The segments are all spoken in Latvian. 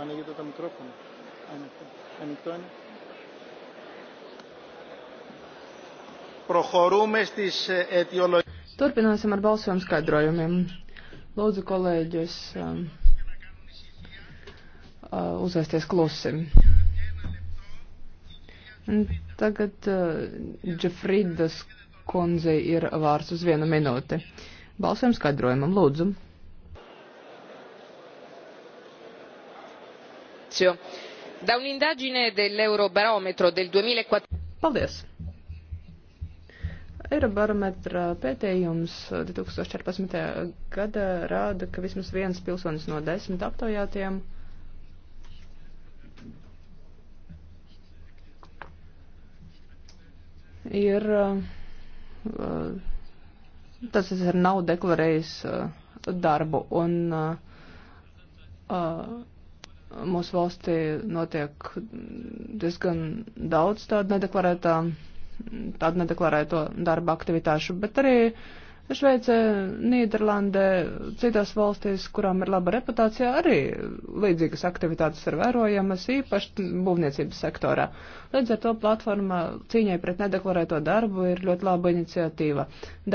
μου ανοίγετε το μικρόφωνο. Ανοιχτό, ανοιχτό είναι. Προχωρούμε στις αιτιολογίες. Turpināsim ar balsojumu skaidrojumiem. Lūdzu, kolēģis, um, uh, uzvēsties klusi. Tagad uh, Džefrīdas kundze ir vārds uz vienu minūti. Balsojumu skaidrojumam, lūdzu. spazio. Da un'indagine dell'Eurobarometro del 2014. Paldies! Eirobarometra pētījums 2014. gada rāda, ka vismaz viens pilsonis no desmit aptaujātiem ir, uh, tas ir nav deklarējis uh, darbu un uh, uh Mūsu valstī notiek diezgan daudz tādu nedeklarētā, tādu nedeklarēto darba aktivitāšu, bet arī Šveicē, Nīderlandē, citās valstīs, kurām ir laba reputācija, arī līdzīgas aktivitātes ir vērojamas, īpaši būvniecības sektorā. Līdz ar to platforma cīņai pret nedeklarēto darbu ir ļoti laba iniciatīva.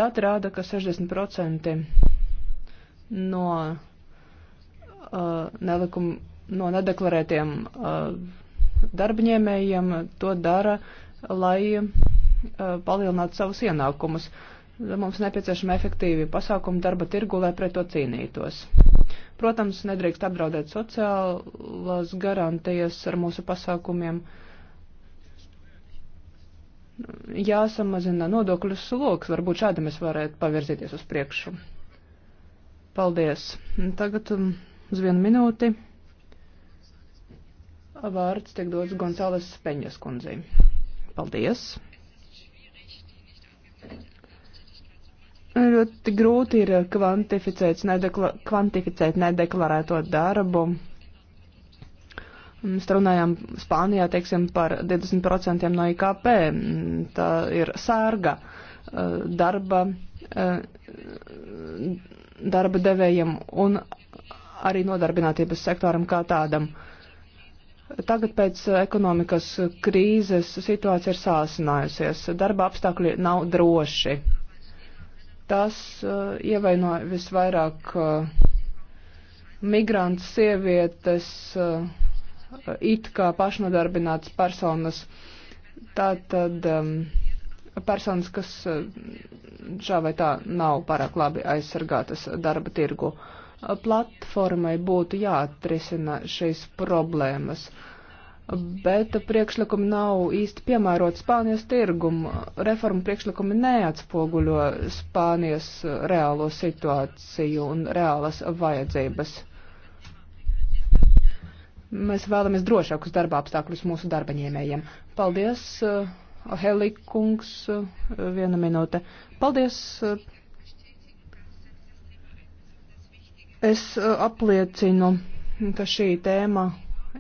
Dati rāda, ka 60% no uh, nelikuma no nedeklarētiem uh, darbņēmējiem to dara, lai uh, palielinātu savus ienākumus. Mums nepieciešami efektīvi pasākumi darba tirgu, lai pret to cīnītos. Protams, nedrīkst apdraudēt sociālās garantijas ar mūsu pasākumiem. Jāsamazina nodokļu sloks, varbūt šādi mēs varētu pavirzīties uz priekšu. Paldies. Tagad um, uz vienu minūti vārds tiek dots Gonzales Peņas kundzei. Paldies! Ļoti grūti ir kvantificēt, nedekla, kvantificēt nedeklarēto darbu. Mēs runājām Spānijā, teiksim, par 20% no IKP. Tā ir sērga eh, darba, eh, darba devējiem un arī nodarbinātības sektoram kā tādam. Uh, Tagad pēc eh, ekonomikas krīzes situācija ir sāsinājusies. Darba apstākļi nav droši. Tas uh, ievaino visvairāk uh, migrants, sievietes, uh, it kā pašnodarbinātas personas. Tātad um, personas, kas uh, šā vai tā nav pārāk labi aizsargātas darba tirgu. Uh, platformai būtu jāatrisina šīs problēmas. Bet priekšlikumi nav īsti piemēroti Spānijas tirgumu. Reformu priekšlikumi neatspoguļo Spānijas reālo situāciju un reālas vajadzības. Mēs vēlamies drošākus darba apstākļus mūsu darbaņēmējiem. Paldies, Helikungs, viena minūte. Paldies, Es uh, apliecinu, ka šī tēma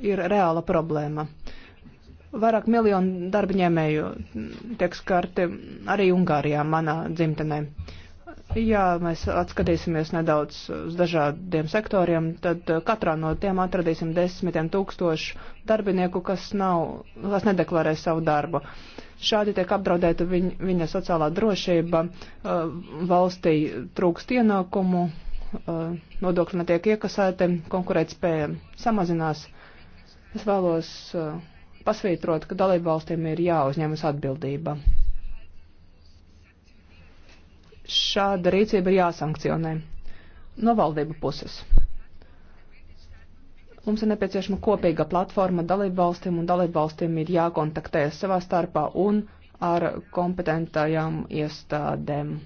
ir reāla problēma. Vairāk miljonu darbaņēmēju tiek skarti arī Ungārijā, manā dzimtenē. Jā, mēs atskatīsimies nedaudz uz dažādiem sektoriem, tad uh, katrā no tiem atradīsim desmitiem tūkstošu darbinieku, kas, nav, kas nedeklarē savu darbu. Šādi tiek apdraudēta viņ, viņa sociālā drošība, uh, valstī trūkst ienākumu, Eh, nodokļi netiek iekasēti, konkurētspēja samazinās. Es vēlos eh, pasvītrot, ka dalībvalstīm ir jāuzņemas atbildība. Šāda rīcība ir jāsankcionē no valdību puses. Mums ir nepieciešama kopīga platforma dalībvalstīm, un dalībvalstīm ir jākontaktējas savā starpā un ar kompetentajām iestādēm.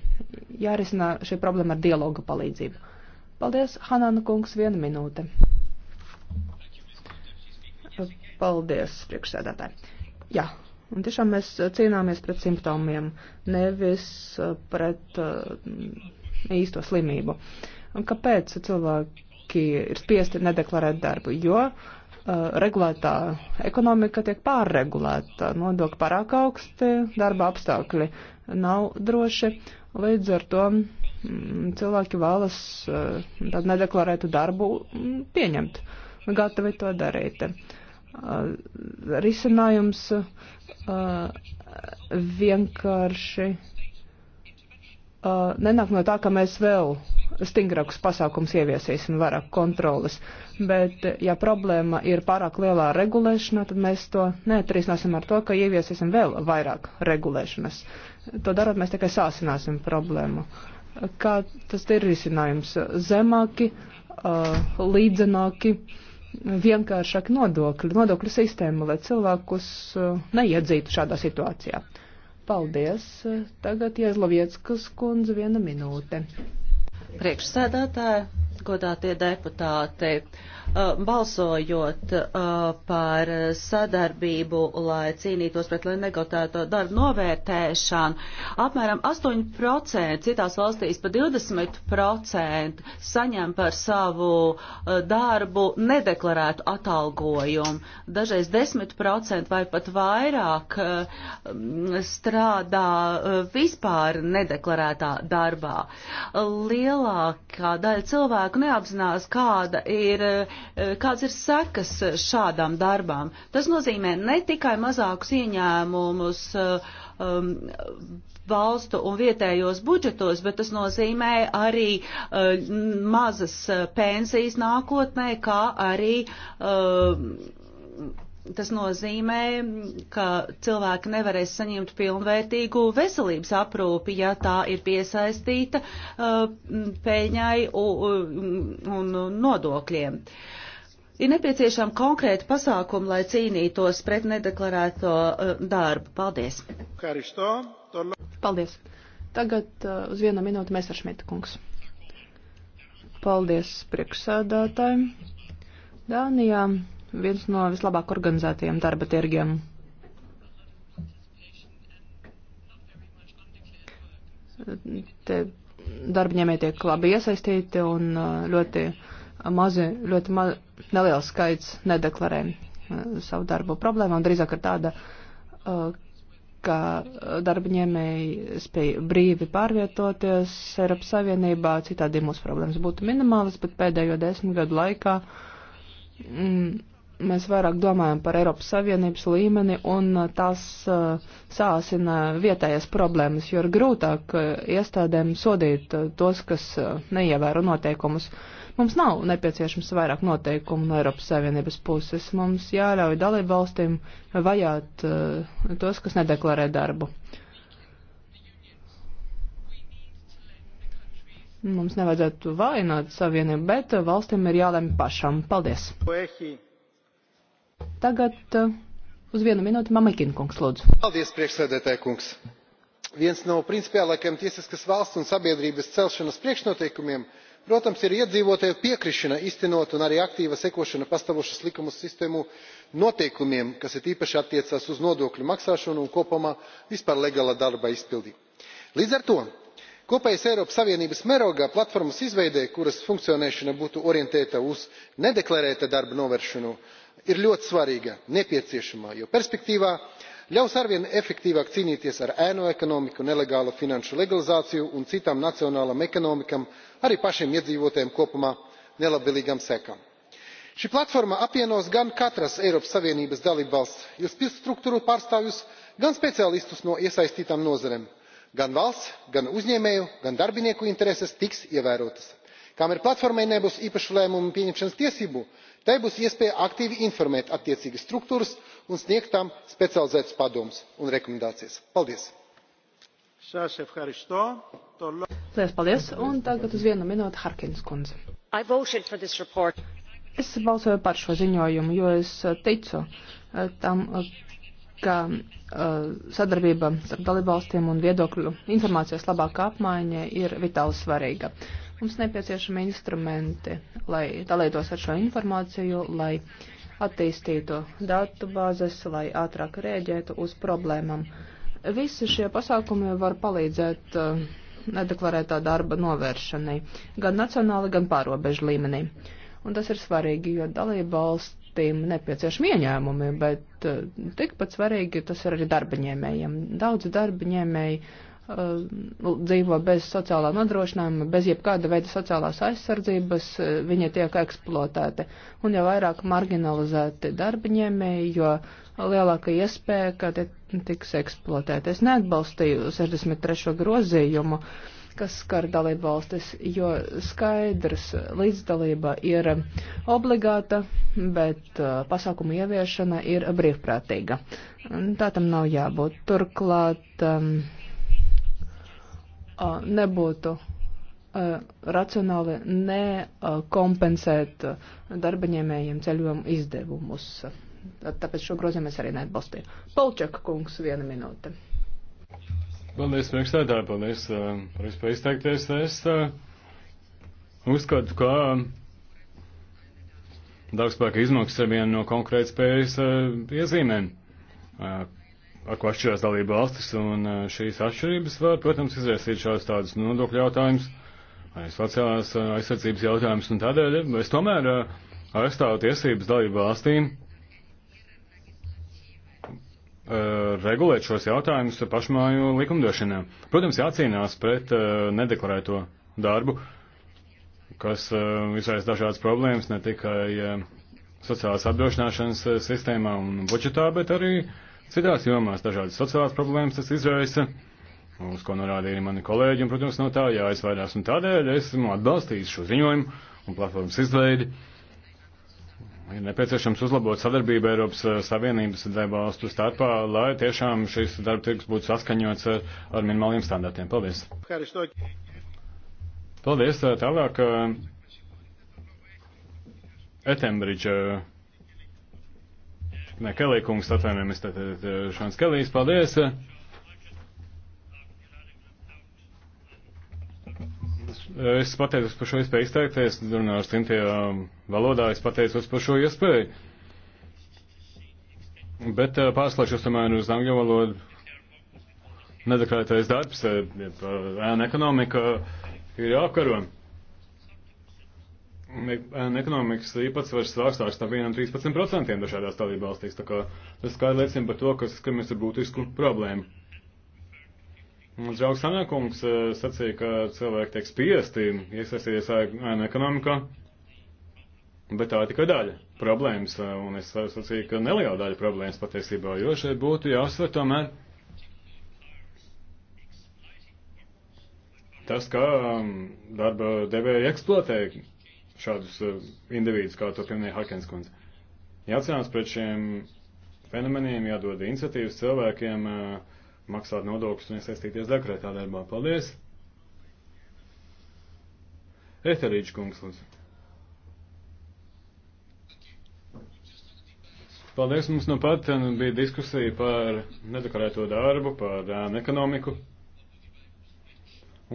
Jārisina šī problēma ar dialoga palīdzību. Paldies, Hanana kungs, viena minūte. Paldies, priekšsēdētāji. Jā, un tiešām mēs cīnāmies pret simptomiem, nevis pret uh, īsto slimību. Un kāpēc cilvēki ir spiesti nedeklarēt darbu? Jo uh, regulētā ekonomika tiek pārregulēta, nodokļi pārāk augsti, darba apstākļi nav droši, līdz ar to Cilvēki vēlas eh, tādu nedeklarētu darbu mm, pieņemt, gatavi to darīt. Eh, risinājums eh, vienkārši nenāk no tā, ka mēs vēl stingrākus pasākums ieviesīsim, vairāk kontrolas. Bet, ja problēma ir pārāk lielā regulēšana, tad mēs to neatrisināsim ar to, ka ieviesīsim vēl vairāk regulēšanas. To darot, mēs tikai sāsināsim problēmu. Uh, kā tas ir risinājums. Zemāki, uh, līdzenāki, vienkāršāki nodokļi, nodokļu sistēma, lai cilvēkus uh, neiedzītu šādā situācijā. Paldies. Tagad Iezlovieckas kundze viena minūte. Priekšsēdētāja godātie deputāti, balsojot par sadarbību, lai cīnītos pret negotēto darbu novērtēšanu, apmēram 8%, citās valstīs pa 20% saņem par savu darbu nedeklarētu atalgojumu. Dažreiz 10% vai pat vairāk strādā vispār nedeklarētā darbā. Lielākā daļa cilvēku cilvēku neapzinās, kāda ir, eh, kāds ir sekas šādām darbām. Tas nozīmē ne tikai mazākus ieņēmumus eh, um, valstu un vietējos budžetos, bet tas nozīmē arī uh, mazas pensijas nākotnē, kā arī uh, tas nozīmē, ka cilvēki nevarēs saņemt pilnvērtīgu veselības aprūpi, ja tā ir piesaistīta uh, pēļņai un nodokļiem. Ir nepieciešama konkrēta pasākuma, lai cīnītos pret nedeklarēto uh, darbu. Paldies! Paldies! Tagad uh, uz vienu minūti mēs ar Šmita kungs. Paldies priekšsādātājiem! Dānijā viens no vislabāk organizētajiem darba tirgiem. Te darbņēmēji tiek labi iesaistīti un uh, ļoti mazi, ļoti ma neliels skaits nedeklarē uh, savu darbu. Problēma un drīzāk ir tāda, uh, ka darbņēmēji spēja brīvi pārvietoties Eiropas Savienībā, citādi mūsu problēmas būtu minimālas, bet pēdējo desmit gadu laikā. Mm, mēs vairāk domājam par Eiropas Savienības līmeni un uh, tas uh, sāsina vietējas problēmas, jo ir grūtāk uh, iestādēm sodīt tos, kas neievēro noteikumus. Mums nav nepieciešams vairāk noteikumu no Eiropas Savienības puses. Mums jāļauj dalību valstīm vajāt tos, kas nedeklarē darbu. Mums nevajadzētu vainot savienību, bet valstīm ir jālemj pašam. Paldies! Poehi. Tagad uh, uz vienu minūti Mamikina kungs lūdzu. Paldies, priekšsēdētāja kungs. Viens no principiālākajiem tiesiskas valsts un sabiedrības celšanas priekšnoteikumiem, protams, ir iedzīvotāju piekrišana iztenot un arī aktīva sekošana pastāvošas likumu sistēmu noteikumiem, kas it īpaši attiecas uz nodokļu maksāšanu un kopumā vispār legāla darba izpildi. Līdz ar to kopējas eiropas savienības mērogā platformas izveidei kuras funkcionēšana būtu orientēta uz nedeklarēta darba novēršanu ir ļoti svarīga nepieciešama jo perspektīvā ļaus arvien efektīvāk cīnīties ar ēnu ekonomiku nelegālo finanšu legalizāciju un citām nacionālām ekonomikām arī pašiem iedzīvotājiem kopumā nelabvēlīgām sekām. šī platforma apvienos gan katras europas savienības dalībvalsts jo struktūru pārstāvjus gan speciālistus no iesaistītām nozarēm gan valsts gan uzņēmēju gan darbinieku intereses tiks ievērotas kam ir platformai nebūs īpašlēmumu pieņemšanas tiesību tai būs iespēja aktīvi informēt attiecīgās struktūras un sniegt tām specializētus padomus un rekomendācijas. paldies! Lielas paldies! Un tagad uz vienu minūti Harkins kundze. Es balsoju par šo ziņojumu, jo es uh, ticu uh, tam, uh, ka sadarbība starp dalībvalstiem un viedokļu informācijas labāka apmaiņa ir vitāli svarīga. Mums nepieciešami instrumenti, lai dalītos ar šo informāciju, lai attīstītu datu bāzes, lai ātrāk rēģētu uz problēmām. Visi šie pasākumi var palīdzēt uh, nedeklarētā darba novēršanai, gan nacionāli, gan pārobežu līmenī. Un tas ir svarīgi, jo dalība valsts valstīm nepieciešami ieņēmumi, bet uh, tikpat svarīgi tas ir arī darbaņēmējiem. Daudz darbaņēmēji Um, dzīvo bez sociālā nodrošinājuma, bez jebkāda veida sociālās aizsardzības, uh, viņi tiek eksploatēti un jau vairāk marginalizēti darbiņēmēji, jo lielāka iespēja, ka te tiks eksploatēti. Es neatbalstīju 63. grozījumu, kas skar dalību valstis, jo skaidrs līdzdalība ir obligāta, bet uh, pasākumu ieviešana ir brīvprātīga. Tā tam nav jābūt. Turklāt. Um, nebūtu racionāli nekompensēt darbaņēmējiem ceļojumu izdevumus. Tāpēc šo grozījumu es arī neatbalstīju. Polčaka kungs, viena minūte. Paldies, priekšstādāji, paldies par iespēju izteikties. Es uzskatu, ka darbspēka izmaksas ir viena no konkrētspējas iezīmēm ar ko atšķirās dalība valstis, un eh, šīs atšķirības var, protams, izraisīt šādus tādus nodokļu jautājumus, arī sociālās eh, aizsardzības jautājumus, un tādēļ es tomēr eh, aizstāvu tiesības dalību valstīm regulēt šos jautājumus pašmāju likumdošanā. Protams, jācīnās pret nedeklarēto darbu, kas izraisa dažādas problēmas ne tikai sociālās apdrošināšanas sistēmā un budžetā, bet arī uh, Citās jomās dažādas sociālās problēmas tas izraisa, uz ko norādīja mani kolēģi, un, protams, no tā jāizvairās, un tādēļ esmu atbalstījis šo ziņojumu un platformas izveidi. Ir nepieciešams uzlabot sadarbību Eiropas eh, Savienības valstu starpā, lai tiešām šis darba tirgus būtu saskaņots ar, ar minimāliem standartiem. Paldies! Paldies! Eh, tālāk eh, Etembridža Ne, Kelī kungs, atvainojamies, tad Šāns Kelīs, paldies. Es pateicos par šo iespēju izteikties, runāju ar cimtajā valodā, es pateicos par šo iespēju. Bet eh, pārslēgšos tomēr uz angļu valodu. Nedeklētais darbs, eh, ēna ekonomika ir jākaro ekonomikas īpatsvars svārstās no 1 līdz 13% dažādās dalībvalstīs. Tā kā tas skaidri liecina par to, ka saskaramies ar būtisku problēmu. Mans draugs Sanākums sacīja, ka cilvēki tiek spiesti iesaistīties ēnu ekonomikā, bet tā ir tikai daļa problēmas, un es sacīju, ka neliela daļa problēmas patiesībā, jo šeit būtu jāsver tomēr. tas, kā darba devēja eksploatē šādus eh, individus, kā to pieminēja Harkins kundze. Jācīnās pret šiem fenomeniem, jādod iniciatīvas cilvēkiem eh, maksāt nodokļus un iesaistīties dekrētā darbā. Paldies! Eterīčs kungs, lūdzu. Paldies, mums nu pat eh, nu bija diskusija par nedekorēto darbu, par ēnu ekonomiku.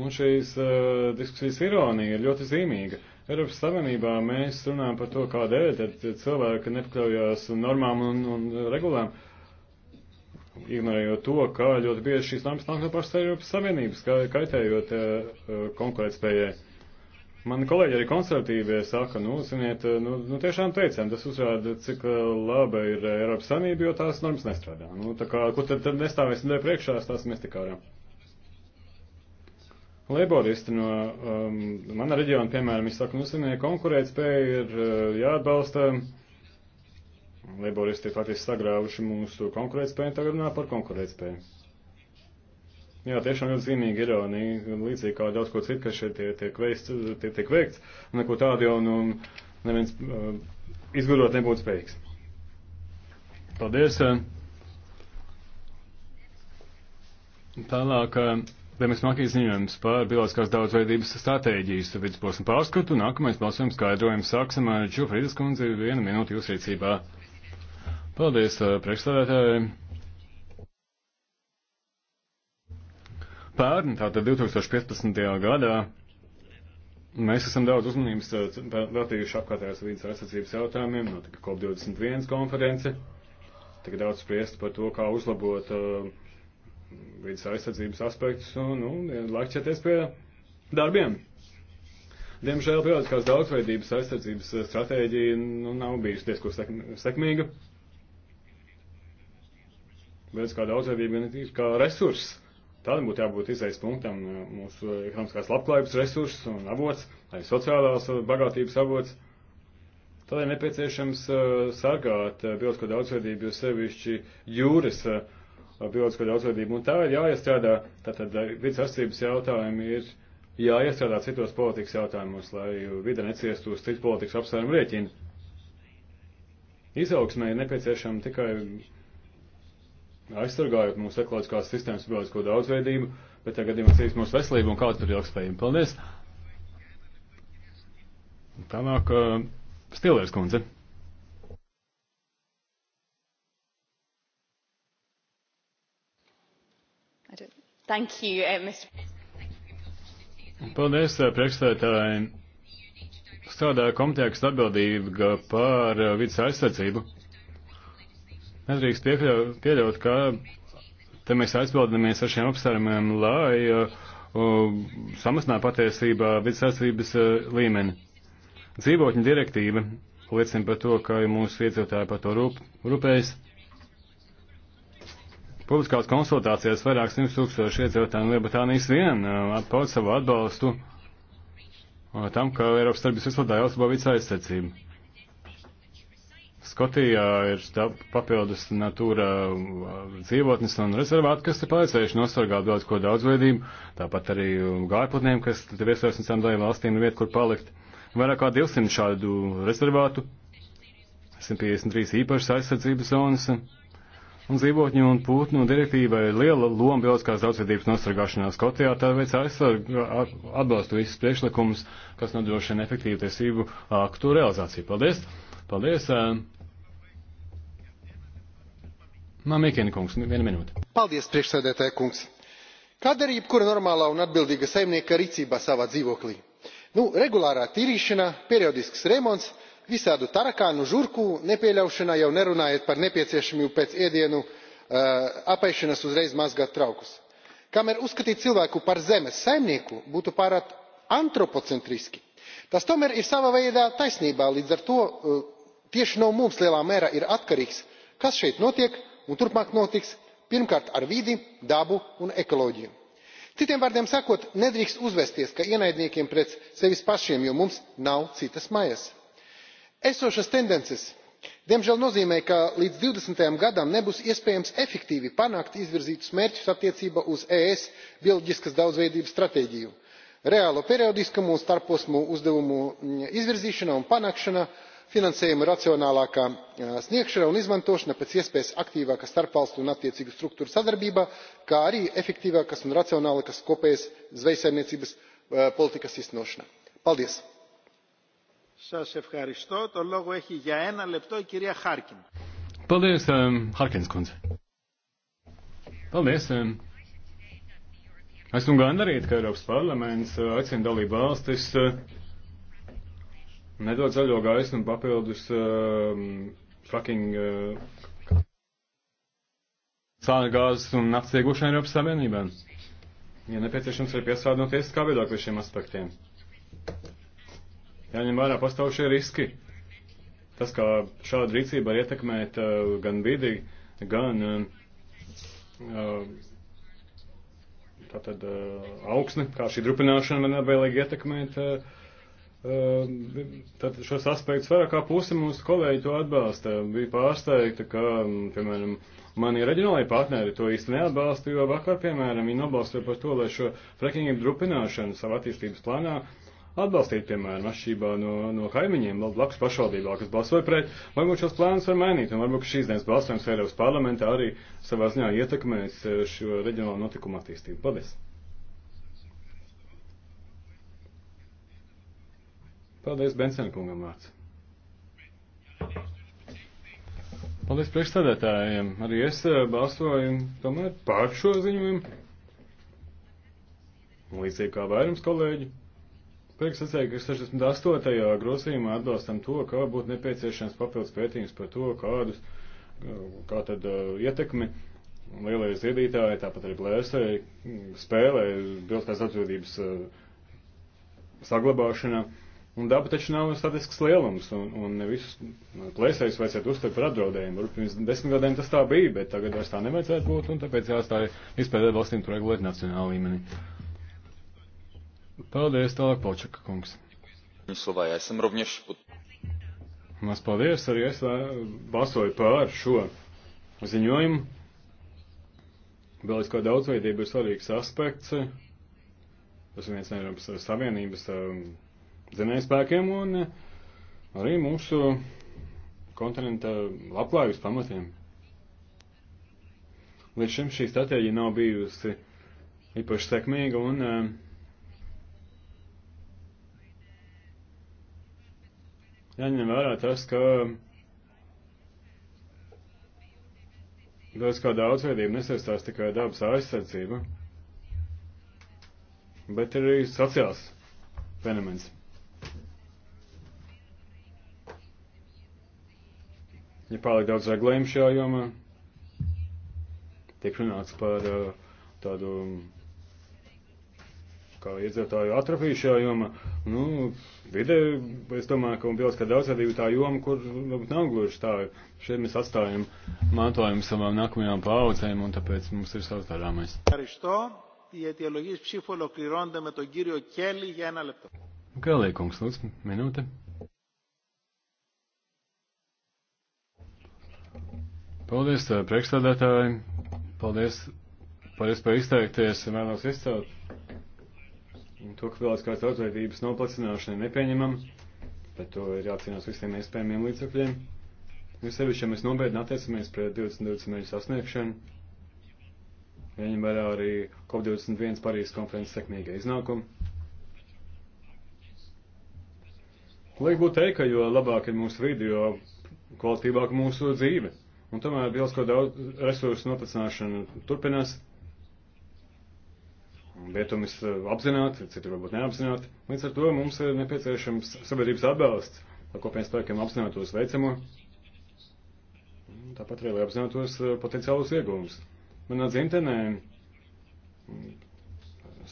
Un šīs uh, diskusijas ironija ir ļoti zīmīga. Eiropas Savienībā mēs runājam par to, kādēļ tad cilvēki nepakļaujās normām un, un regulām, ignorējot to, ka ļoti bieži šīs normas nāk no pašas Eiropas Savienības, ka, kaitējot eh, konkurētspējai. Mani kolēģi arī konservatīvie saka, nu, ziniet, eh, nu, nu tiešām teicām, tas uzrāda, cik eh, laba ir Eiropas Savienība, jo tās normas nestrādā. Nu, tā kā, kur tad, tad nestāvēsim te priekšā, stāsimies tik ārā. Leiboristi no um, mana reģiona, piemēram, izsaka, nu, ziniet, konkurētspēja ir uh, jāatbalsta. Leiboristi ir faktiski sagrāvuši mūsu konkurētspēju, tagad runā par konkurētspēju. Jā, tiešām ļoti zīmīga ironija, līdzīgi kā daudz ko citu, kas šeit tiek, tiek, veikts, tiek, tiek veikts, un neko tādu jau nu, neviens uh, izgudrot nebūtu spējīgs. Paldies! Uh, tālāk. Uh, Demis Makijas ziņojums par bioloģiskās daudzveidības stratēģijas vidusposmu pārskatu. Nākamais balsojums skaidrojums sāksim ar Čufrīdas kundzi vienu minūti jūs rīcībā. Paldies, priekšstādētāji. Pērn, tātad 2015. gadā, Mēs esam daudz uzmanības veltījuši apkārtējās vidas aizsardzības jautājumiem. Notika COP21 konference. Tika daudz spriest par to, kā uzlabot uh, vidas aizsardzības aspektus un, nu, lakķēties pie darbiem. Diemžēl bioloģiskās daudzveidības aizsardzības eh, stratēģija nu, nav bijusi diezko sek sekmīga. Bioloģiskā daudzveidība gan ir kā resurss. Tādam būtu jābūt izējas punktam eh, mūsu ekonomiskās labklājības resurss un avots, arī sociālās eh, bagātības avots. Tādēļ nepieciešams sargāt bioloģisko daudzveidību, jo sevišķi jūras uh, bioloģisko daudzveidību. Un tā ir jāiestrādā, tātad eh, vidas aizsardzības jautājumi ir jāiestrādā citos politikas jautājumos, lai vide neciestu uz citu politikas apsvērumu rēķinu. Izaugsmē ir nepieciešama tikai aizsargājot mūsu ekoloģiskās sistēmas bioloģisko daudzveidību, bet tagad ir cīnās mūsu veselību un kāda tur ir ilgspējība. Paldies! Tālāk, uh, eh, Stilērs kundze. Thank you, uh, Mr. Paldies, uh, priekšstādātāji. Strādāja komitejas atbildība par uh, vidas aizsardzību. Nedrīkst piekļaut, pieļaut, ka te mēs aizbildamies ar šiem apsvērumiem, lai uh, samazinātu patiesībā vidas aizsardzības uh, līmeni. Dzīvotņu direktīva liecina par to, ka mūsu iedzīvotāji par to rūp, rūpējas. Rup, publiskās konsultācijās vairāk simt tūkstoši iedzīvotāji no Lielbritānijas vien paud savu atbalstu tam, ka Eiropas starpības izvadāja jāuzlabo vidas aizsardzību. Skotijā ir papildus natūra dzīvotnes un rezervāti, kas ir palīdzējuši nosargāt daudz ko daudzveidību, tāpat arī gājputniem, kas ir viesojas un samdāja valstīm nu, vieta, kur palikt. Vairāk kā 200 šādu rezervātu, 153 īpašas aizsardzības zonas. Un Un dzīvotņu un putnu direktīvai ir liela loma bioloģiskās daudzveidības nosargāšanā Skotijā, tāpēc aizsargu atbalstu visus priekšlikumus, kas nodrošina efektīvu tiesību aktu realizāciju. Paldies! Paldies! Mamikēni kungs, viena minūte. Paldies, priekšsēdētāja kungs! Kā dara jebkura normālā un atbildīga saimnieka rīcībā savā dzīvoklī? Nu, regulārā tīrīšana, periodisks remonts visādu tarakānu žurku nepieļaušanā jau nerunājot par nepieciešamību pēc ēdienu apēšanas uzreiz mazgāt traukus. kamēr uzskatīt cilvēku par zemes saimnieku būtu pārāk antropocentriski tas tomēr ir sava veida taisnība līdz ar to eh, tieši no mums lielā mērā ir atkarīgs kas šeit notiek un turpmāk notiks pirmkārt ar vidi dabu un ekoloģiju. citiem vārdiem sakot nedrīkst uzvesties kā ienaidniekiem pret sevi pašiem jo mums nav citas mājas esošas tendences diemžēl nozīmē ka līdz divdesmitajam gadam nebūs iespējams efektīvi panākt izvirzītus mērķus attiecībā uz es bioloģiskās daudzveidības stratēģiju reālo periodiskumu un starpposmu uzdevumu izvirzīšana un panākšana finansējuma racionālāka sniegšana un izmantošana pēc iespējas aktīvāka starpvalstu un attiecīgu struktūru sadarbība kā arī efektīvākas un racionālākas kopējas zvejsaimniecības e, politikas īstenošana. paldies! Sās ευχαριστώ. Το λόγο έχει για ένα λεπτό η κυρία Χάρκιν. Paldies, um, Harkins kundze. Paldies. Um. Esmu gandarīti, ka Eiropas parlaments uh, aicina dalību valstis uh, nedod zaļo gaisu un papildus uh, fracking uh, sāļgāzes un naftas iegūšanu Eiropas Savienībā. Ja nepieciešams, ir piesādinoties kā viedokli šiem aspektiem jāņem vērā pastāvušie riski. Tas, kā šāda rīcība var ietekmēt uh, gan vidi, gan uh, uh tātad uh, augsni, kā šī drupināšana var nevēlīgi ietekmēt. Uh, uh, Tad šos aspektus vairāk kā pusi mūsu kolēģi to atbalsta. Bija pārsteigta, ka, um, piemēram, mani reģionālajie partneri to īsti neatbalsta, jo vakar, piemēram, viņi nobalsoja par to, lai šo frekingu drupināšanu savā attīstības plānā atbalstīt, piemēram, atšķirībā no, no kaimiņiem, blakus pašvaldībā, kas balsoja pret. Varbūt šos plānus var mainīt, un varbūt šīs dienas balsojums Eiropas parlamentā arī savā ziņā ietekmēs eh, šo reģionālo notikumu attīstību. Paldies! Paldies, Bensenkungam vārds. Paldies priekšstādētājiem. Arī es eh, balsoju tomēr pār šo ziņojumu. Līdzīgi kā vairums kolēģi. Prieks sacīja, ka 68. grozījumā atbalstam to, ka būtu nepieciešams papildus pētījums par to, kādus, kā tad uh, ietekmi lielie ziedītāji, tāpat arī plēsēji, mm, spēlē bilstās atzūdības uh, saglabāšanā. Un daba taču nav statisks lielums, un, un ne visus plēsējus vajadzētu uztvert par apdraudējumu. Varbūt pirms desmit gadiem tas tā bija, bet tagad vairs tā nevajadzētu būt, un tāpēc jāstāja izpētē valstīm to regulēt nacionālā līmenī. Paldies, tālāk Polčaka kungs. Slovākijā esam rovnieši. Mēs paldies, arī es balsoju pār šo ziņojumu. Bioloģiskā daudzveidība ir svarīgs aspekts. Tas ir viens no Eiropas Savienības um, zinājumspēkiem un uh, arī mūsu kontinenta labklājības pamatiem. Līdz šim šī stratēģija nav bijusi īpaši sekmīga un uh, Jāņem vērā tas, ka daudz kā daudzveidība nesaistās tikai dabas aizsardzība, bet arī sociāls fenomens. Ja pārāk daudz regulējumu šajā jomā, tiek runāts par uh, tādu kā iedzīvotāju atrofiju šajā jomā. Nu, vide, es domāju, ka un bildes, ka daudzveidība tā joma, kur nav gluži tā. Šeit mēs atstājam mantojumu savām nākamajām paudzēm, un tāpēc mums ir savs darāmais. Galīgi, kungs, lūdzu, minūte. Paldies, priekšstādātāji. Paldies par iespēju izteikties. Vēlos izcelt to, ka vēlēskās daudzveidības noplacināšana ir nepieņemama, bet to ir jācīnās visiem iespējamiem līdzakļiem. Jo nu, sevišķi, ja mēs nobeidni attiecamies pret 2020 mērķu sasniegšanu, ņem vērā arī COP21 Parīzes konferences sekmīga iznākuma. Liek būtu teikt, ka jo labāk ir mūsu vidi, jo kvalitīvāk mūsu dzīve. Un tomēr lielsko daudz resursu nopacināšana turpinās. Lietumis eh, apzināti, citi varbūt neapzināti. Līdz ar to mums ir nepieciešams sabiedrības atbalsts, lai kopējiem spēkiem apzinātos veicamo, tāpat arī lai apzinātos eh, potenciālus ieguvumus. Manā dzimtenē mm,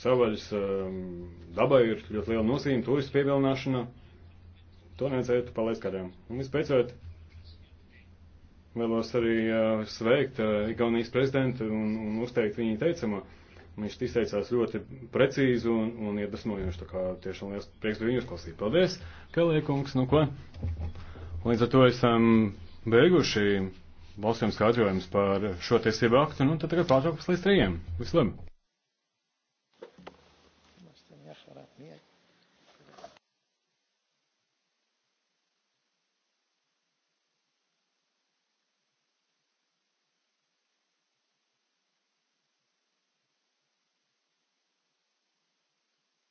savvaļas ehm, dabai ir ļoti liela nozīme turistu pievilināšana. To nevajadzētu palaist kādam. Un vispēcot, vēlos arī eh, sveikt Igaunijas prezidentu un, un uzteikt viņu teicamo. Viņš izteicās ļoti precīzi un, un iedvesmojoši, tā kā tiešām liels prieks bija viņu uzklausīt. Paldies, Kalēkungs, nu ko? Līdz ar to esam beiguši balsojums skaidrojums par šo tiesību aktu, nu tad tagad pārtraukums līdz trījiem. Vislabāk!